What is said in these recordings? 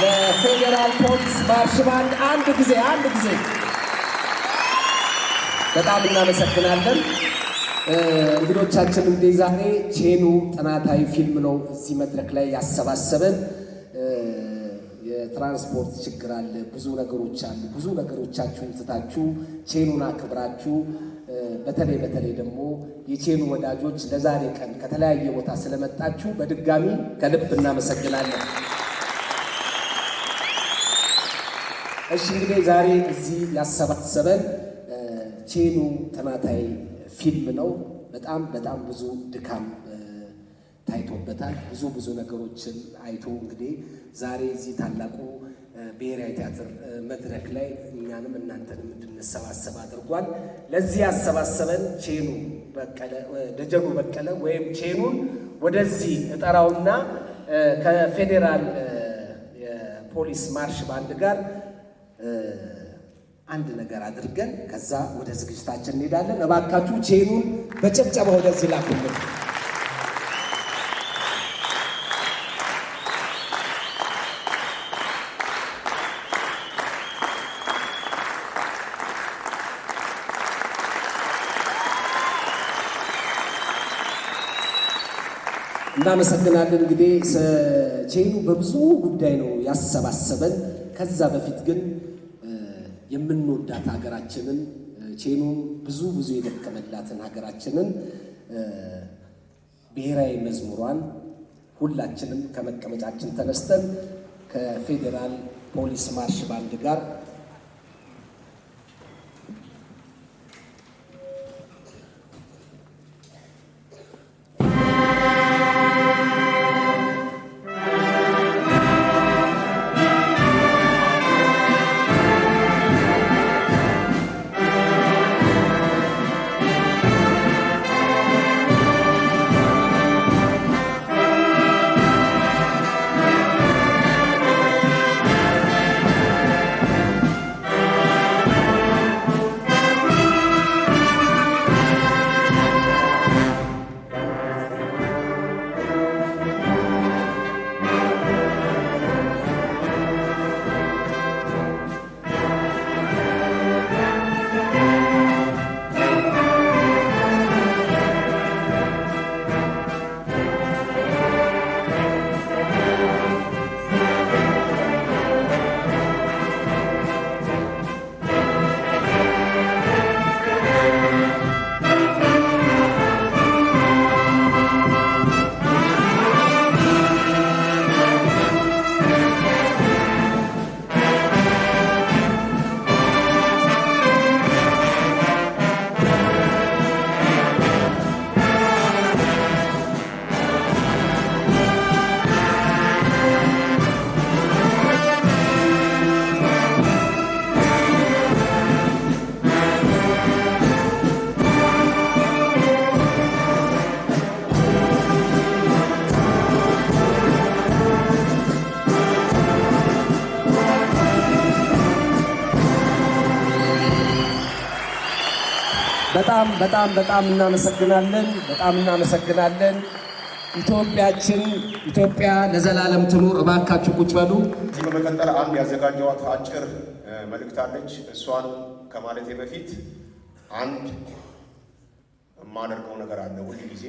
ለፌዴራል ፖሊስ ማርሽ ባንድ አንድ ጊዜ አንድ ጊዜ በጣም እናመሰግናለን። እንግዶቻችን እንግዲህ ዛሬ ቼኑ ጥናታዊ ፊልም ነው እዚህ መድረክ ላይ ያሰባሰበን። የትራንስፖርት ችግር አለ፣ ብዙ ነገሮች አሉ። ብዙ ነገሮቻችሁን ትታችሁ ቼኑን አክብራችሁ በተለይ በተለይ ደግሞ የቼኑ ወዳጆች ለዛሬ ቀን ከተለያየ ቦታ ስለመጣችሁ በድጋሚ ከልብ እናመሰግናለን። እሺ እንግዲህ ዛሬ እዚህ ያሰባሰበን ቼኑ ተማታይ ፊልም ነው። በጣም በጣም ብዙ ድካም ታይቶበታል። ብዙ ብዙ ነገሮችን አይቶ እንግዲህ ዛሬ እዚህ ታላቁ ብሔራዊ ቲያትር መድረክ ላይ እኛንም እናንተንም እንድንሰባሰብ አድርጓል። ለዚህ ያሰባሰበን ቼኑ ደጀኑ በቀለ ወይም ቼኑን ወደዚህ እጠራውና ከፌዴራል ፖሊስ ማርሽ ባንድ ጋር አንድ ነገር አድርገን ከዛ ወደ ዝግጅታችን እንሄዳለን። እባካችሁ ቼኑን በጨብጨባ ወደዚህ ላኩልን። እናመሰግናለን። እንግዲህ ቼኑ በብዙ ጉዳይ ነው ያሰባሰበን። ከዛ በፊት ግን የምንወዳት ሀገራችንን ቼኑም ብዙ ብዙ የደከመላትን ሀገራችንን ብሔራዊ መዝሙሯን ሁላችንም ከመቀመጫችን ተነስተን ከፌዴራል ፖሊስ ማርሽ ባንድ ጋር በጣም በጣም እናመሰግናለን። በጣም እናመሰግናለን። ኢትዮጵያችን ኢትዮጵያ ለዘላለም ትኑር። እባካችሁ ቁጭ በሉ። እዚህ በመቀጠል አንድ ያዘጋጀዋት አጭር መልእክት አለች። እሷን ከማለቴ በፊት አንድ የማደርገው ነገር አለ ሁል ጊዜ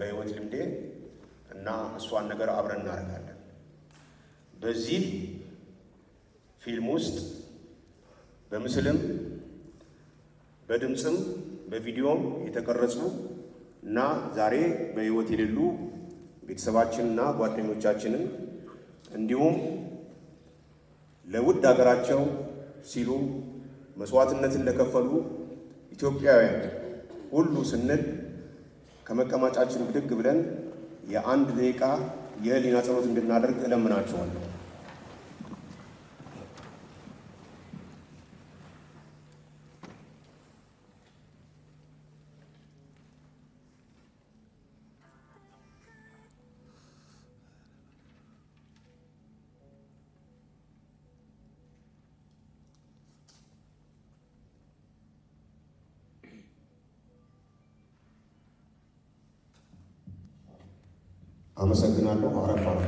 በህይወት ልምዴ እና እሷን ነገር አብረን እናደርጋለን። በዚህ ፊልም ውስጥ በምስልም በድምፅም በቪዲዮም የተቀረጹ እና ዛሬ በሕይወት የሌሉ ቤተሰባችንና ጓደኞቻችንን እንዲሁም ለውድ ሀገራቸው ሲሉ መስዋዕትነትን ለከፈሉ ኢትዮጵያውያን ሁሉ ስንል ከመቀማጫችን ብድግ ብለን የአንድ ደቂቃ የህሊና ጸሎት እንድናደርግ እለምናችኋለሁ። አመሰግናለሁ። አረፍ አረፍ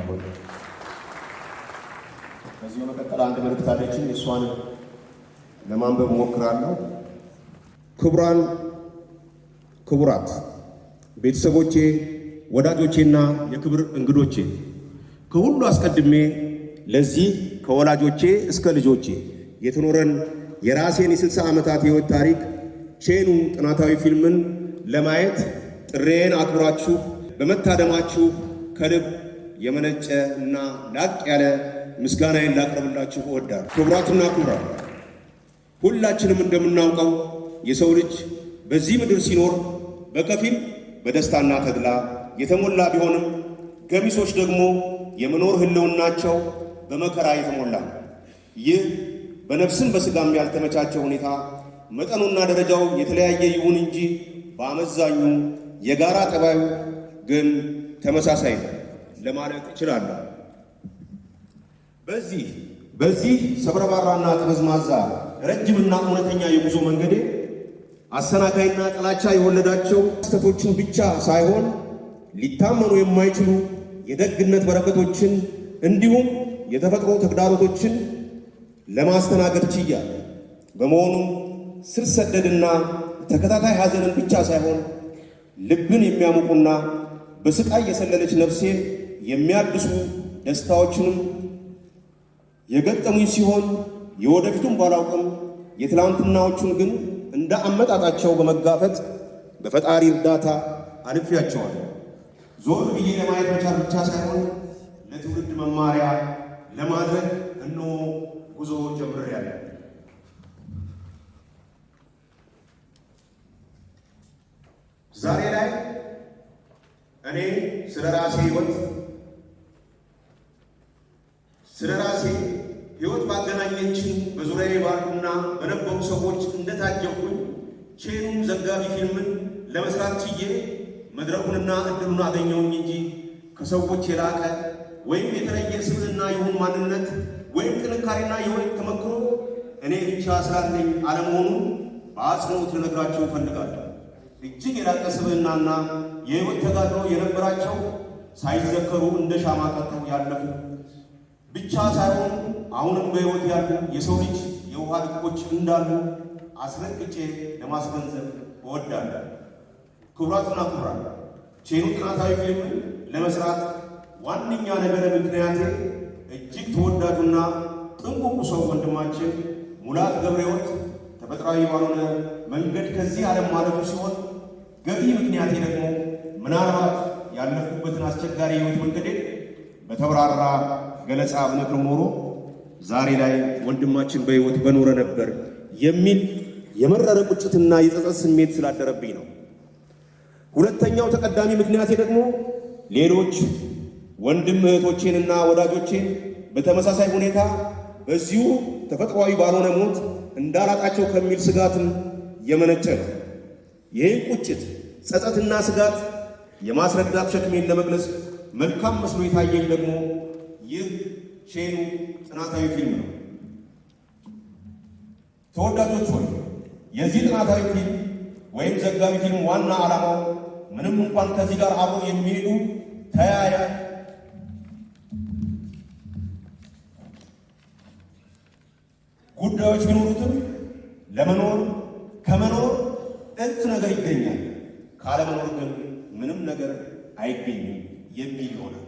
ከዚህ በመቀጠል አንድ መልእክት አለችኝ። እሷን ለማንበብ ሞክራለሁ። ክቡራን ክቡራት፣ ቤተሰቦቼ፣ ወዳጆቼና የክብር እንግዶቼ ከሁሉ አስቀድሜ ለዚህ ከወላጆቼ እስከ ልጆቼ የተኖረን የራሴን የ60 ዓመታት የሕይወት ታሪክ ቼኑ ጥናታዊ ፊልምን ለማየት ጥሬን አክብራችሁ በመታደማችሁ ከልብ የመነጨ እና ላቅ ያለ ምስጋናዬን ላቀርብላችሁ እወዳለሁ። ክቡራትና ክቡራን ሁላችንም እንደምናውቀው የሰው ልጅ በዚህ ምድር ሲኖር በከፊል በደስታና ተድላ የተሞላ ቢሆንም ገሚሶች ደግሞ የመኖር ህልውናቸው በመከራ የተሞላ ነው። ይህ በነፍስም በስጋም ያልተመቻቸው ሁኔታ መጠኑና ደረጃው የተለያየ ይሁን እንጂ በአመዛኙ የጋራ ጠባዩ ግን ተመሳሳይ ነው ለማለት እችላለሁ። በዚህ በዚህ ሰብረባራና ጠመዝማዛ ረጅምና እውነተኛ የጉዞ መንገዴ አሰናካይና ጥላቻ የወለዳቸው ክስተቶችን ብቻ ሳይሆን ሊታመኑ የማይችሉ የደግነት በረከቶችን እንዲሁም የተፈጥሮ ተግዳሮቶችን ለማስተናገድ ችያለሁ። በመሆኑ ስር ሰደድና ተከታታይ ሐዘንን ብቻ ሳይሆን ልብን የሚያሙቁና በስቃይ የሰለለች ነፍሴ የሚያድሱ ደስታዎችንም የገጠሙኝ ሲሆን የወደፊቱን ባላውቅም የትላንትናዎቹን ግን እንደ አመጣጣቸው በመጋፈጥ በፈጣሪ እርዳታ አልፌያቸዋለሁ። ዞር ብዬ ለማየት መቻል ብቻ ሳይሆን ለትውልድ መማሪያ ለማድረግ እኖ ጉዞ ጀምሬያለሁ። ዛሬ ላይ እኔ ስለ ራሴ ህይወት ስለ ራሴ ህይወት ባገናኘችን በዙሪያዬ ባሉና በነበሩ ሰዎች እንደታጀብኩኝ ቼኑም ዘጋቢ ፊልምን ለመስራት ችዬ መድረኩንና እድሉን አገኘውኝ እንጂ ከሰዎች የላቀ ወይም የተለየ ስብዕና ይሁን ማንነት ወይም ጥንካሬና የሆነ ተመክሮ እኔ ብቻ ስላለኝ አለመሆኑን በአጽንኦት ልነግራቸው እፈልጋለሁ። እጅግ የላቀ ስብዕናና የህይወት ተጋድሎ የነበራቸው ሳይዘከሩ እንደ ሻማ ከተው ያለፉ ብቻ ሳይሆኑ አሁንም በህይወት ያሉ የሰው ልጅ የውሃ ልቆች እንዳሉ አስረግጬ ለማስገንዘብ እወዳለሁ። ክቡራትና ክቡራን ቼኑ ጥናታዊ ፊልም ለመስራት ዋነኛ ነገረ ምክንያቴ እጅግ ተወዳጁና ጥንቁቁ ሰው ወንድማችን ሙላት ገብረሕይወት ተፈጥሯዊ ባልሆነ መንገድ ከዚህ ዓለም ማለፉ ሲሆን ገቢ ምክንያቴ ደግሞ ምናልባት ያለፉበትን አስቸጋሪ ህይወት መንገዴ በተብራራ ገለጻ ብነግረው ኖሮ ዛሬ ላይ ወንድማችን በህይወት በኖረ ነበር የሚል የመረረ ቁጭትና የጸጸት ስሜት ስላደረብኝ ነው። ሁለተኛው ተቀዳሚ ምክንያቴ ደግሞ ሌሎች ወንድም እህቶቼንና ወዳጆቼን በተመሳሳይ ሁኔታ በዚሁ ተፈጥሯዊ ባልሆነ ሞት እንዳላጣቸው ከሚል ስጋትም የመነጨ ነው። ይህን ቁጭት ጸጸትና ስጋት የማስረዳት ሸክሜን ለመግለጽ መልካም መስሎ የታየኝ ደግሞ ይህ ሼኑ ጥናታዊ ፊልም ነው። ተወዳጆች ሆይ የዚህ ጥናታዊ ፊልም ወይም ዘጋቢ ፊልም ዋና ዓላማው ምንም እንኳን ከዚህ ጋር አብሮ የሚሄዱ ተያያ ጉዳዮች ቢኖሩትም ለመኖር ከመኖር እንት ነገር ይገኛል፣ ካለመኖር ግን ምንም ነገር አይገኝም የሚል ይሆናል።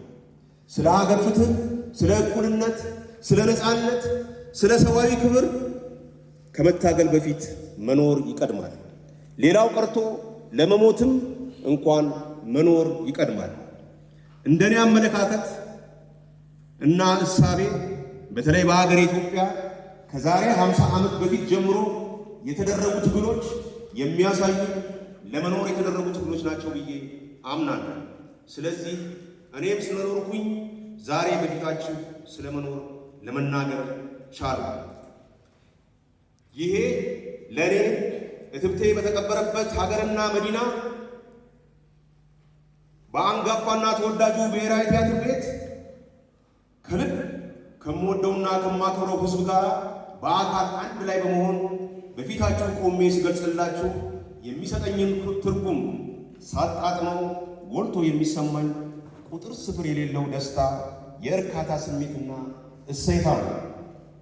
ስለ ሀገር ፍትህ፣ ስለ እኩልነት፣ ስለ ነፃነት፣ ስለ ሰብአዊ ክብር ከመታገል በፊት መኖር ይቀድማል። ሌላው ቀርቶ ለመሞትም እንኳን መኖር ይቀድማል። እንደኔ አመለካከት እና እሳቤ በተለይ በሀገር ኢትዮጵያ ከዛሬ 50 ዓመት በፊት ጀምሮ የተደረጉ ትግሎች የሚያሳዩ ለመኖር የተደረጉ ትግሎች ናቸው ብዬ አምናለሁ። ስለዚህ እኔም ስለኖርኩኝ ዛሬ በፊታችሁ ስለመኖር ለመናገር ቻሉ። ይሄ ለእኔ እትብቴ በተቀበረበት ሀገርና መዲና በአንጋፋና ተወዳጁ ብሔራዊ ቲያትር ቤት ከልብ ከምወደውና ከማከብረው ሕዝብ ጋር በአካል አንድ ላይ በመሆን በፊታችሁ ቆሜ ስገልጽላችሁ የሚሰጠኝን ትርጉም ሳጣጥመው ጎልቶ የሚሰማኝ ቁጥር ስፍር የሌለው ደስታ፣ የእርካታ ስሜትና እሰይታ ነው።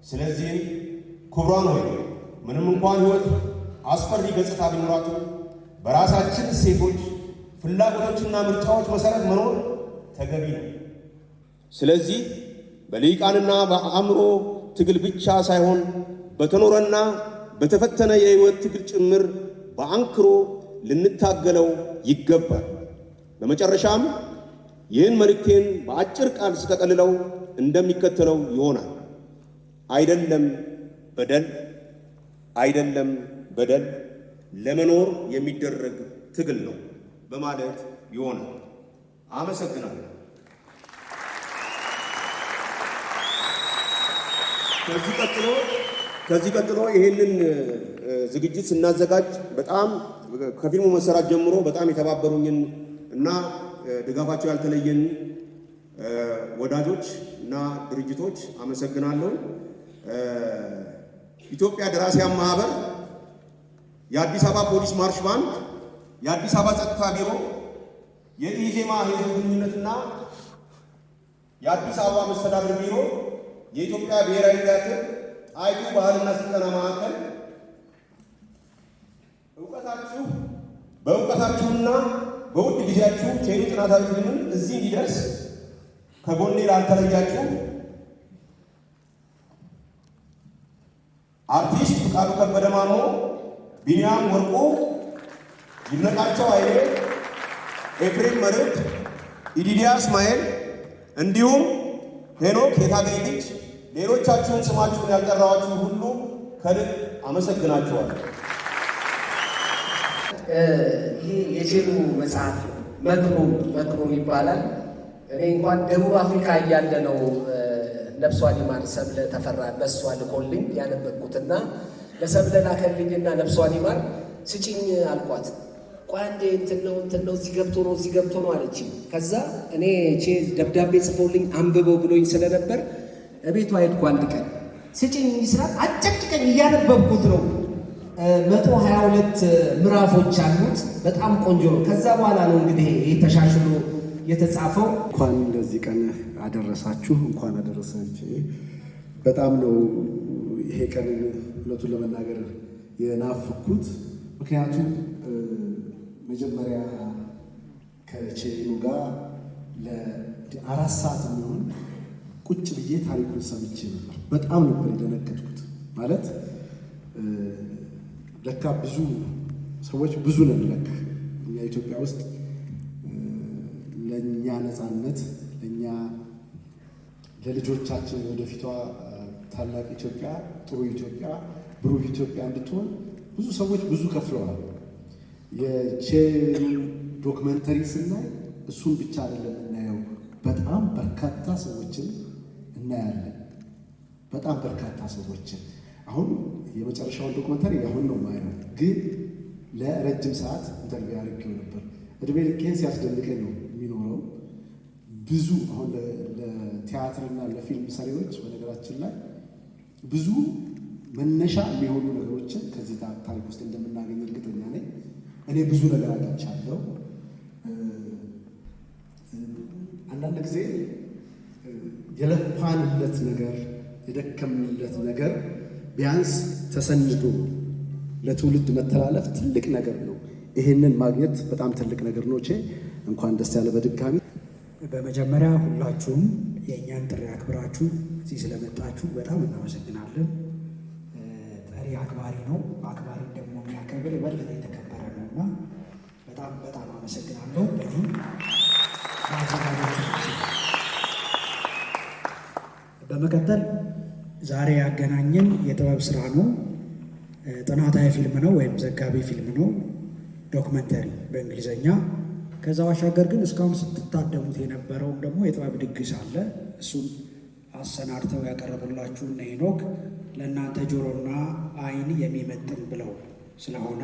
ስለዚህም ክቡራን ሆይ ምንም እንኳን ሕይወት አስፈሪ ገጽታ ቢኖራቱ በራሳችን እሴቶች፣ ፍላጎቶችና ምርጫዎች መሠረት መኖር ተገቢ ነው። ስለዚህ በልሂቃንና በአእምሮ ትግል ብቻ ሳይሆን በተኖረና በተፈተነ የሕይወት ትግል ጭምር በአንክሮ ልንታገለው ይገባል። በመጨረሻም ይህን መልእክቴን በአጭር ቃል ስጠቀልለው እንደሚከተለው ይሆናል። አይደለም በደል አይደለም በደል ለመኖር የሚደረግ ትግል ነው በማለት ይሆናል። አመሰግናለሁ። ከዚህ ቀጥሎ ከዚህ ቀጥሎ ይህንን ዝግጅት ስናዘጋጅ በጣም ከፊልሙ መሰራት ጀምሮ በጣም የተባበሩኝን እና ድጋፋቸው ያልተለየን ወዳጆች እና ድርጅቶች አመሰግናለሁ። ኢትዮጵያ ደራሲያን ማህበር፣ የአዲስ አበባ ፖሊስ ማርሽ ባንድ፣ የአዲስ አበባ ጸጥታ ቢሮ፣ የኢዜማ ህዝብ ግንኙነትና የአዲስ አበባ መስተዳድር ቢሮ፣ የኢትዮጵያ ብሔራዊ ቲያትር አይቱ ባህልና ስልጠና ማዕከል እውቀታችሁ በእውቀታችሁና በውድ ጊዜያችሁ ቼኑ ጥናታዊ እዚህ እንዲደርስ ከጎኔ ላልተለያችሁ አርቲስት ፍቃዱ ከበደ ማሞ፣ ቢንያም ወርቁ፣ ይነቃቸው አይሌ፣ ኤፍሬም መርድ፣ ኢዲዲያ እስማኤል እንዲሁም ሄኖክ የታገኝ ልጅ ሌሎቻችሁን ስማችሁን ያልጠራኋችሁ ሁሉ ከልብ አመሰግናችኋል። ይህ የጀሉ መጽሐፍ መክሮ መክሮ ይባላል። እኔ እንኳን ደቡብ አፍሪካ እያለ ነው ለብሷ ሊማር ሰብለ ተፈራ ለሷ ልኮልኝ ያነበብኩትና ለሰብለ ላከልኝና ነፍሷ ሊማር ስጭኝ አልኳት። ቆይ አንዴ እንትን ነው እንትን ነው እዚህ ገብቶ ነው እዚህ ገብቶ ነው አለችኝ። ከዛ እኔ ቼ ደብዳቤ ጽፎልኝ አንብበው ብሎኝ ስለነበር እቤቷ ሄድኩ። አንድ ቀን ስጭኝ ስራት አጨቅጭቀኝ እያነበብኩት ነው። መቶ ሀያ ሁለት ምዕራፎች አሉት። በጣም ቆንጆ ነው። ከዛ በኋላ ነው እንግዲህ የተሻሽሎ የተጻፈው። እንኳን እንደዚህ ቀን አደረሳችሁ፣ እንኳን አደረሰች። በጣም ነው ይሄ ቀን እውነቱን ለመናገር የናፍኩት። ምክንያቱም መጀመሪያ ከቼኑ ጋር ለአራት ሰዓት የሚሆን ቁጭ ብዬ ታሪኩን ሰምቼ ነበር። በጣም ነበር የደነገጥኩት። ማለት ለካ ብዙ ሰዎች ብዙ ነን ለካ እኛ ኢትዮጵያ ውስጥ ለእኛ ነፃነት ለእኛ ለልጆቻችን ወደፊቷ ታላቅ ኢትዮጵያ፣ ጥሩ ኢትዮጵያ፣ ብሩህ ኢትዮጵያ እንድትሆን ብዙ ሰዎች ብዙ ከፍለዋል። የቼን ዶክመንተሪ ስናይ እሱን ብቻ አይደለም የምናየው፣ በጣም በርካታ ሰዎችን እናያለን። በጣም በርካታ ሰዎችን አሁን የመጨረሻውን ዶክመንተሪ አሁን ነው ማየው፣ ግን ለረጅም ሰዓት ኢንተርቪው አድርጌው ነበር። እድሜ ልኬን ሲያስደንቀኝ ነው የሚኖረው። ብዙ አሁን ለቲያትርና ለፊልም ሰሪዎች በነገራችን ላይ ብዙ መነሻ የሚሆኑ ነገሮችን ከዚህ ታሪክ ውስጥ እንደምናገኝ እርግጠኛ ነኝ። እኔ ብዙ ነገር አግኝቻለሁ። አንዳንድ ጊዜ የለፋንለት ነገር የደከምንለት ነገር ቢያንስ ተሰንዶ ለትውልድ መተላለፍ ትልቅ ነገር ነው። ይህንን ማግኘት በጣም ትልቅ ነገር ነው። ቼ እንኳን ደስ ያለ በድጋሚ በመጀመሪያ ሁላችሁም የእኛን ጥሪ አክብራችሁ እዚህ ስለመጣችሁ በጣም እናመሰግናለን። ጠሪ አክባሪ ነው፣ አክባሪ ደግሞ የሚያከብር የበለጠ የተከበረ ነው እና በጣም በጣም አመሰግናለሁ በዚህ በመቀጠል ዛሬ ያገናኘን የጥበብ ስራ ነው። ጥናታዊ ፊልም ነው ወይም ዘጋቢ ፊልም ነው፣ ዶክመንተሪ በእንግሊዝኛ። ከዛ ባሻገር ግን እስካሁን ስትታደሙት የነበረውም ደግሞ የጥበብ ድግስ አለ። እሱም አሰናድተው ያቀረቡላችሁ እነ ሄኖክ ለእናንተ ጆሮና አይን የሚመጥን ብለው ስለሆነ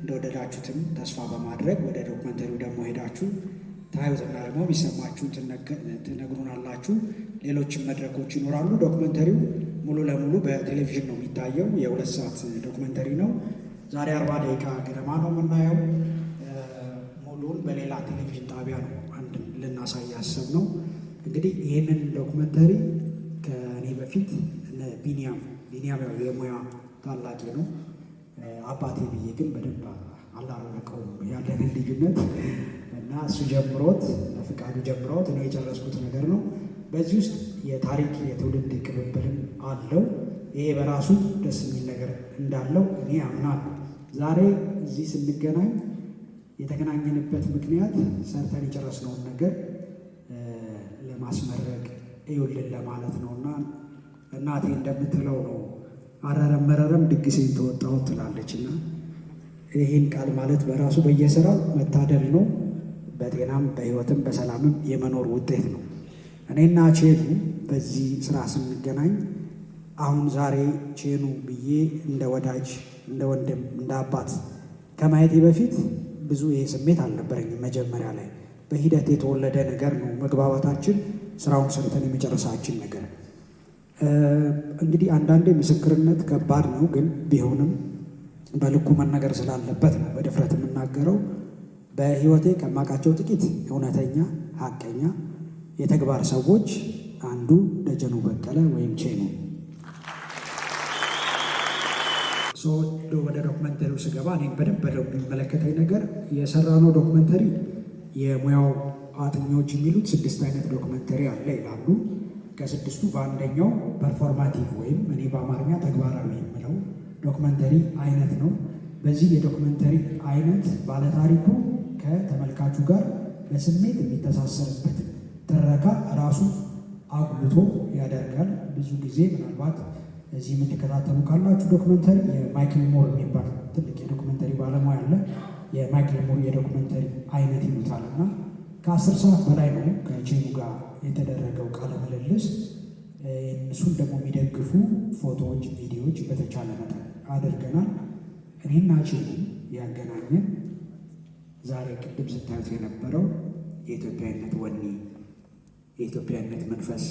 እንደወደዳችሁትም ተስፋ በማድረግ ወደ ዶክመንተሪው ደግሞ ሄዳችሁ ታዩትና ደግሞ የሚሰማችሁን ትነግሩናላችሁ። ሌሎችም መድረኮች ይኖራሉ። ዶክመንተሪው ሙሉ ለሙሉ በቴሌቪዥን ነው የሚታየው። የሁለት ሰዓት ዶክመንተሪ ነው። ዛሬ አርባ ደቂቃ ገደማ ነው የምናየው። ሙሉን በሌላ ቴሌቪዥን ጣቢያ ነው አንድ ልናሳይ ያሰብ ነው። እንግዲህ ይህንን ዶክመንተሪ ከእኔ በፊት ቢኒያም ቢኒያም የሙያ ታላቂ ነው አባቴ ብዬ ግን በደንብ አላረቀውም ያለንን ልዩነት እና እሱ ጀምሮት በፍቃዱ ጀምሮት እኔ የጨረስኩት ነገር ነው። በዚህ ውስጥ የታሪክ የትውልድ ቅብብልም አለው። ይሄ በራሱ ደስ የሚል ነገር እንዳለው እኔ አምናለሁ። ዛሬ እዚህ ስንገናኝ የተገናኘንበት ምክንያት ሰርተን የጨረስነውን ነገር ለማስመረቅ እዩልን ለማለት ነው እና እናቴ እንደምትለው ነው አረረም መረረም ድግሴን ተወጣሁት ትላለች እና ይህን ቃል ማለት በራሱ በየስራው መታደል ነው። በጤናም በህይወትም በሰላምም የመኖር ውጤት ነው። እኔና ቼኑ በዚህ ስራ ስንገናኝ አሁን ዛሬ ቼኑ ብዬ እንደ ወዳጅ፣ እንደ ወንድም፣ እንደ አባት ከማየቴ በፊት ብዙ ይሄ ስሜት አልነበረኝም። መጀመሪያ ላይ በሂደት የተወለደ ነገር ነው። መግባባታችን ስራውን ሰርተን የመጨረሳችን ነገር እንግዲህ አንዳንዴ ምስክርነት ከባድ ነው፣ ግን ቢሆንም በልኩ መነገር ስላለበት ነው በድፍረት የምናገረው። በህይወቴ ከማውቃቸው ጥቂት እውነተኛ ሀቀኛ የተግባር ሰዎች አንዱ ደጀኑ በቀለ ወይም ሰዎች ወደ ዶክመንተሪው ስገባ እኔም በደንብ የሚመለከተኝ ነገር የሰራነው ዶክመንተሪ የሙያው አጥኞች የሚሉት ስድስት አይነት ዶክመንተሪ አለ ይላሉ። ከስድስቱ በአንደኛው ፐርፎርማቲቭ ወይም እኔ በአማርኛ ተግባራዊ የምለው ዶክመንተሪ አይነት ነው። በዚህ የዶክመንተሪ አይነት ባለታሪኩ ከተመልካቹ ጋር በስሜት የሚተሳሰርበት ትረካ ራሱ አጉልቶ ያደርጋል። ብዙ ጊዜ ምናልባት እዚህ የምትከታተሉ ካላችሁ ዶክመንተሪ የማይክል ሞር የሚባል ትልቅ የዶክመንተሪ ባለሙያ አለ። የማይክል ሞር የዶክመንተሪ አይነት ይሉታል እና ከአስር ሰዓት በላይ ነው ከቼኑ ጋር የተደረገው ቃለ ምልልስ እሱን ደግሞ የሚደግፉ ፎቶዎች፣ ቪዲዮዎች በተቻለ መጠን አድርገናል። እኔና ቼን ያገናኘን ዛሬ ቅድም ስታዩት የነበረው የኢትዮጵያዊነት ወኔ፣ የኢትዮጵያዊነት መንፈስ፣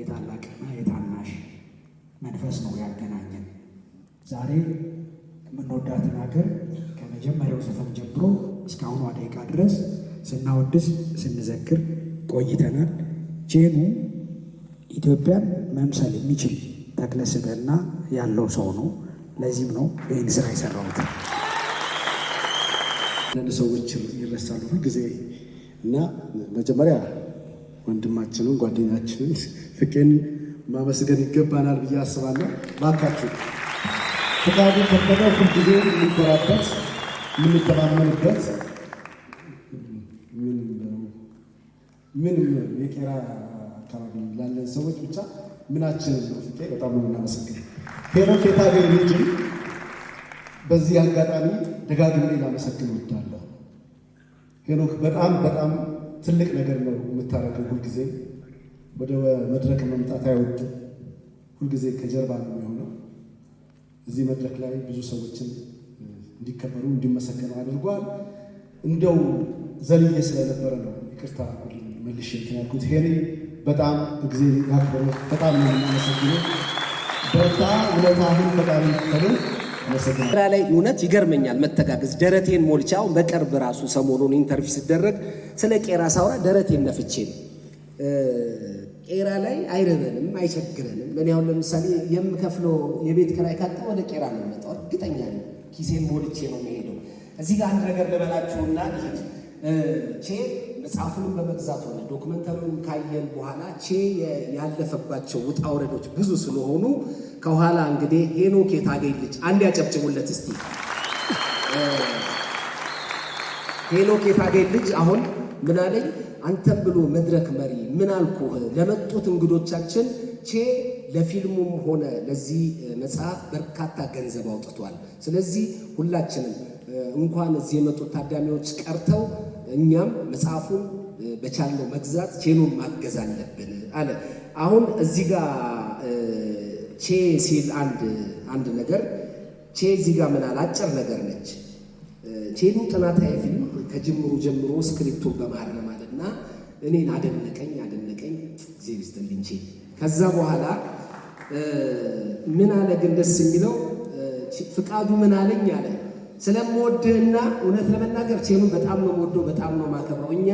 የታላቅና የታናሽ መንፈስ ነው ያገናኘን። ዛሬ የምንወዳትን ሀገር ከመጀመሪያው ሰፈር ጀምሮ እስካሁኗ ደቂቃ ድረስ ስናወድስ ስንዘክር ቆይተናል። ቼኑ ኢትዮጵያን መምሰል የሚችል ተክለ ስብዕና ያለው ሰው ነው። ለዚህም ነው ይህን ስራ የሰራሁት። አንዳንድ ሰዎች ይረሳሉ ጊዜ እና መጀመሪያ ወንድማችንን ጓደኛችንን ፍቄን ማመስገን ይገባናል ብዬ አስባለሁ። ባካችሁ ፍቃዱ ከበደ ሁልጊዜ የምንኮራበት የምንተማመንበት ምን ምን የቄራ አካባቢ ላለ ሰዎች ብቻ ምናችን ነው ፍቄ በጣም ነው የምናመሰግን። ሄሮ የታገኝ ልጅ በዚህ አጋጣሚ ደጋግሜ ላመሰግን ወዳለሁ። ሄኖክ በጣም በጣም ትልቅ ነገር ነው የምታደርገው። ሁልጊዜ ወደ መድረክ መምጣት አይወድም። ሁልጊዜ ከጀርባ ነው የሚሆነው። እዚህ መድረክ ላይ ብዙ ሰዎችን እንዲከበሩ እንዲመሰገኑ አድርጓል። እንደው ዘልዬ ስለነበረ ነው ይቅርታ መልሼ ያልኩት ሄኔ በጣም ጊዜ ያክብር። በጣም ነው የምናመሰግነው። በርታ፣ ውለታህን ይክፈልህ። ስራ ላይ እውነት ይገርመኛል መተጋገዝ። ደረቴን ሞልቻው በቅርብ ራሱ ሰሞኑን ኢንተርቪው ሲደረግ ስለ ቄራ ሳውራ ደረቴን ነፍቼ ነው። ቄራ ላይ አይረበንም፣ አይቸግረንም። እኔ አሁን ለምሳሌ የምከፍለው የቤት ካጣ ወደ ቄራ ነው የምመጣው፣ እርግጠኛ ኪሴን ሞልቼ ነው የምሄደው። እዚህ ጋር አንድ ነገር ልበላችሁና ሄድ ቼ መጽሐፉንም በመግዛት ሆነ ዶክመንተሪውን ካየን በኋላ ቼ ያለፈባቸው ውጣ ውረዶች ብዙ ስለሆኑ ከኋላ እንግዲህ ሄኖክ የታገኝ ልጅ አንድ ያጨብጭቡለት እስቲ። ሄኖክ የታገኝ ልጅ አሁን ምን አለኝ አንተም ብሎ መድረክ መሪ ምን አልኩህ ለመጡት እንግዶቻችን ቼ ለፊልሙም ሆነ ለዚህ መጽሐፍ በርካታ ገንዘብ አውጥቷል። ስለዚህ ሁላችንም እንኳን እዚህ የመጡት ታዳሚዎች ቀርተው እኛም መጽሐፉን በቻለው መግዛት ቼኑን ማገዝ አለብን አለ። አሁን እዚህ ጋር ቼ ሲል አንድ አንድ ነገር ቼ እዚህ ጋር ምናል አጭር ነገር ነች። ቼኑ ጥናታዊ ፊልም ከጅምሩ ጀምሮ ስክሪፕቱን በማረማል እና እኔን አደነቀኝ አደነቀኝ ጊዜ ስትልኝ ቼ ከዛ በኋላ ምን አለ ግን ደስ የሚለው ፍቃዱ ምን አለኝ አለ ስለምወድህና እውነት ለመናገር ቼኑ በጣም ነው የምወደው፣ በጣም ነው የማከብረው። እኛ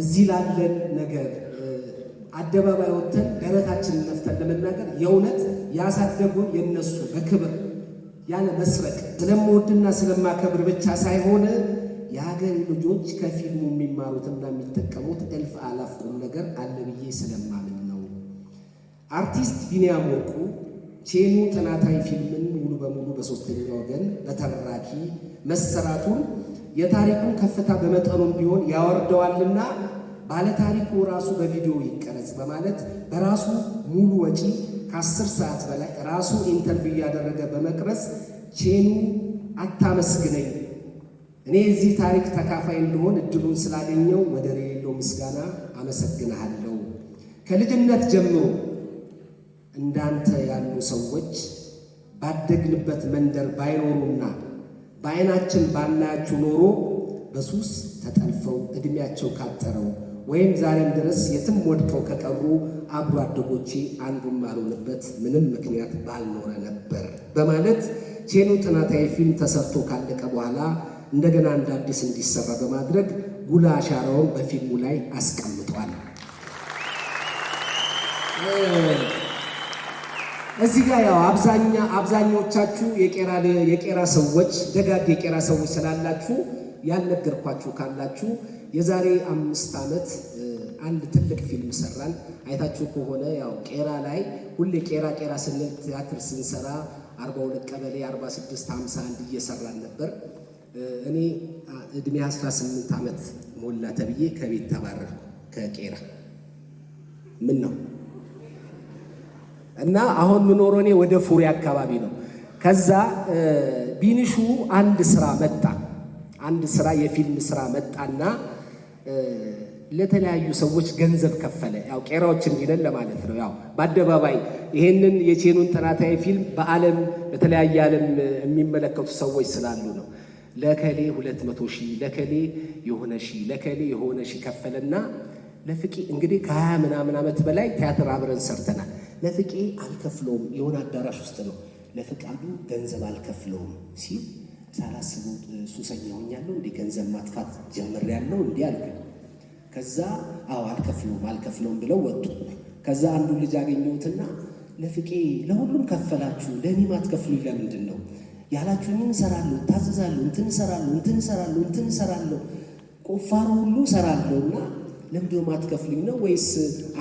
እዚህ ላለን ነገር አደባባይ ወጥተን ደረታችንን ነፍተን ለመናገር የእውነት ያሳደጉን የነሱ በክብር ያለ መስረቅ ስለምወድና ስለማከብር ብቻ ሳይሆን የሀገር ልጆች ከፊልሙ የሚማሩትና የሚጠቀሙት እልፍ አላፍ ቁም ነገር አለ ብዬ ስለማምን ነው። አርቲስት ቢንያም ወርቁ ቼኑ ጥናታዊ ፊልምን ሙሉ በሙሉ በሶስተኛ ወገን በተረራኪ መሰራቱን የታሪኩን ከፍታ በመጠኑም ቢሆን ያወርደዋልና ባለታሪኩ ራሱ በቪዲዮ ይቀረጽ በማለት በራሱ ሙሉ ወጪ ከአስር ሰዓት በላይ ራሱ ኢንተርቪው እያደረገ በመቅረጽ ቼኑ አታመስግነኝ፣ እኔ የዚህ ታሪክ ተካፋይ እንደሆን እድሉን ስላገኘው ወደር የሌለው ምስጋና አመሰግንሃለሁ። ከልጅነት ጀምሮ እንዳንተ ያሉ ሰዎች ባደግንበት መንደር ባይኖሩና በአይናችን ባናያችሁ ኖሮ በሱስ ተጠልፈው እድሜያቸው ካጠረው ወይም ዛሬም ድረስ የትም ወድቀው ከቀሩ አብሮ አደጎቼ አንዱም ማልሆንበት ምንም ምክንያት ባልኖረ ነበር በማለት ቼኑ ጥናታዊ ፊልም ተሰርቶ ካለቀ በኋላ እንደገና እንደ አዲስ እንዲሰራ በማድረግ ጉላ አሻራውን በፊልሙ ላይ አስቀምጧል። እዚህ ጋር ያው አብዛኛ አብዛኞቻችሁ የቄራ ሰዎች ደጋግ የቄራ ሰዎች ስላላችሁ ያልነገርኳችሁ ካላችሁ የዛሬ አምስት ዓመት አንድ ትልቅ ፊልም ሰራን። አይታችሁ ከሆነ ያው ቄራ ላይ ሁሌ ቄራ ቄራ ስንል ቲያትር ስንሰራ 42 ቀበሌ 46 51 እየሰራን ነበር። እኔ እድሜ 18 ዓመት ሞላ ተብዬ ከቤት ተባረርኩ ከቄራ ምን ነው እና አሁን ምኖሮ እኔ ወደ ፉሪ አካባቢ ነው። ከዛ ቢኒሹ አንድ ስራ መጣ፣ አንድ ስራ የፊልም ስራ መጣና ለተለያዩ ሰዎች ገንዘብ ከፈለ። ያው ቄራዎች እንዲለን ለማለት ነው። ያው በአደባባይ ይሄንን የቼኑን ጥናታዊ ፊልም በዓለም በተለያየ ዓለም የሚመለከቱ ሰዎች ስላሉ ነው። ለከሌ ሁለት መቶ ሺህ ለከሌ የሆነ ሺህ ለከሌ የሆነ ሺህ ከፈለና ለፍቂ እንግዲህ ከሀያ ምናምን ዓመት በላይ ቲያትር አብረን ሰርተናል። ለፍቄ አልከፍለውም የሆነ አዳራሽ ውስጥ ነው ለፍቃዱ ገንዘብ አልከፍለውም ሲል ሳላስበው ሱሰኛ ሆኛለሁ እንዲህ ገንዘብ ማጥፋት ጀምሬያለሁ እንዲህ አልኩኝ። ከዛ አዎ አልከፍለውም አልከፍለውም ብለው ወጡ። ከዛ አንዱ ልጅ አገኘሁትና ለፍቄ ለሁሉም ከፈላችሁ ለእኔ ማትከፍሉ ለምንድን ነው ያላችሁኝ? እንሰራለሁ፣ ታዘዛለሁ፣ እንትን እሰራለሁ፣ እንትን እሰራለሁ፣ እንትን እሰራለሁ፣ ቁፋሮ ሁሉ እሰራለሁ እና ለምንድነው ማትከፍሉኝ ነው ወይስ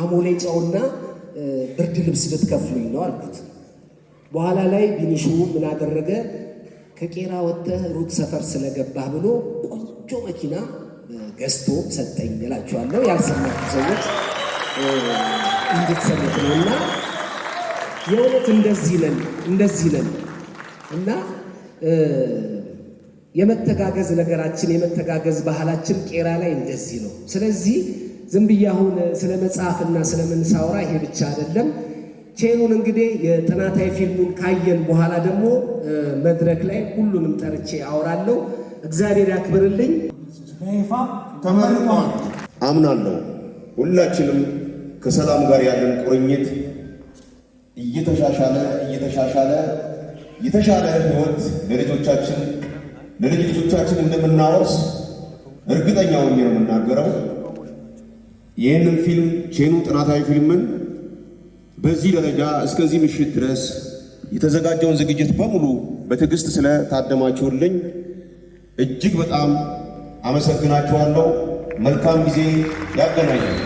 አሞሌ ጨውና ብርድ ልብስ ልትከፍሉኝ ነው አልኩት። በኋላ ላይ ቢኒሹ ምን አደረገ? ከቄራ ወጥተህ ሩቅ ሰፈር ስለገባህ ብሎ ቆንጆ መኪና ገዝቶ ሰጠኝ እላችኋለሁ። ያልሰማችሁ ሰዎች እንድትሰሙት ነው። እና የእውነት እንደዚህ ነን እንደዚህ ነን እና የመተጋገዝ ነገራችን የመተጋገዝ ባህላችን ቄራ ላይ እንደዚህ ነው። ስለዚህ ዝም ብዬ አሁን ስለ መጽሐፍና ስለምንሳውራ ይሄ ብቻ አይደለም። ቼኑን እንግዲህ የጥናታዊ ፊልሙን ካየን በኋላ ደግሞ መድረክ ላይ ሁሉንም ጠርቼ አውራለሁ እግዚአብሔር ያክብርልኝ። በይፋ ተመርቋል አምናለሁ። ሁላችንም ከሰላም ጋር ያለን ቁርኝት እየተሻሻለ እየተሻሻለ የተሻለ ህይወት ለልጆቻችን ለልጅ ልጆቻችን እንደምናወርስ እርግጠኛ ሆኜ ነው የምናገረው። ይህንን ፊልም ቼኑ ጥናታዊ ፊልምን በዚህ ደረጃ እስከዚህ ምሽት ድረስ የተዘጋጀውን ዝግጅት በሙሉ በትዕግስት ስለታደማችሁልኝ እጅግ በጣም አመሰግናችኋለሁ። መልካም ጊዜ ያገናኛል።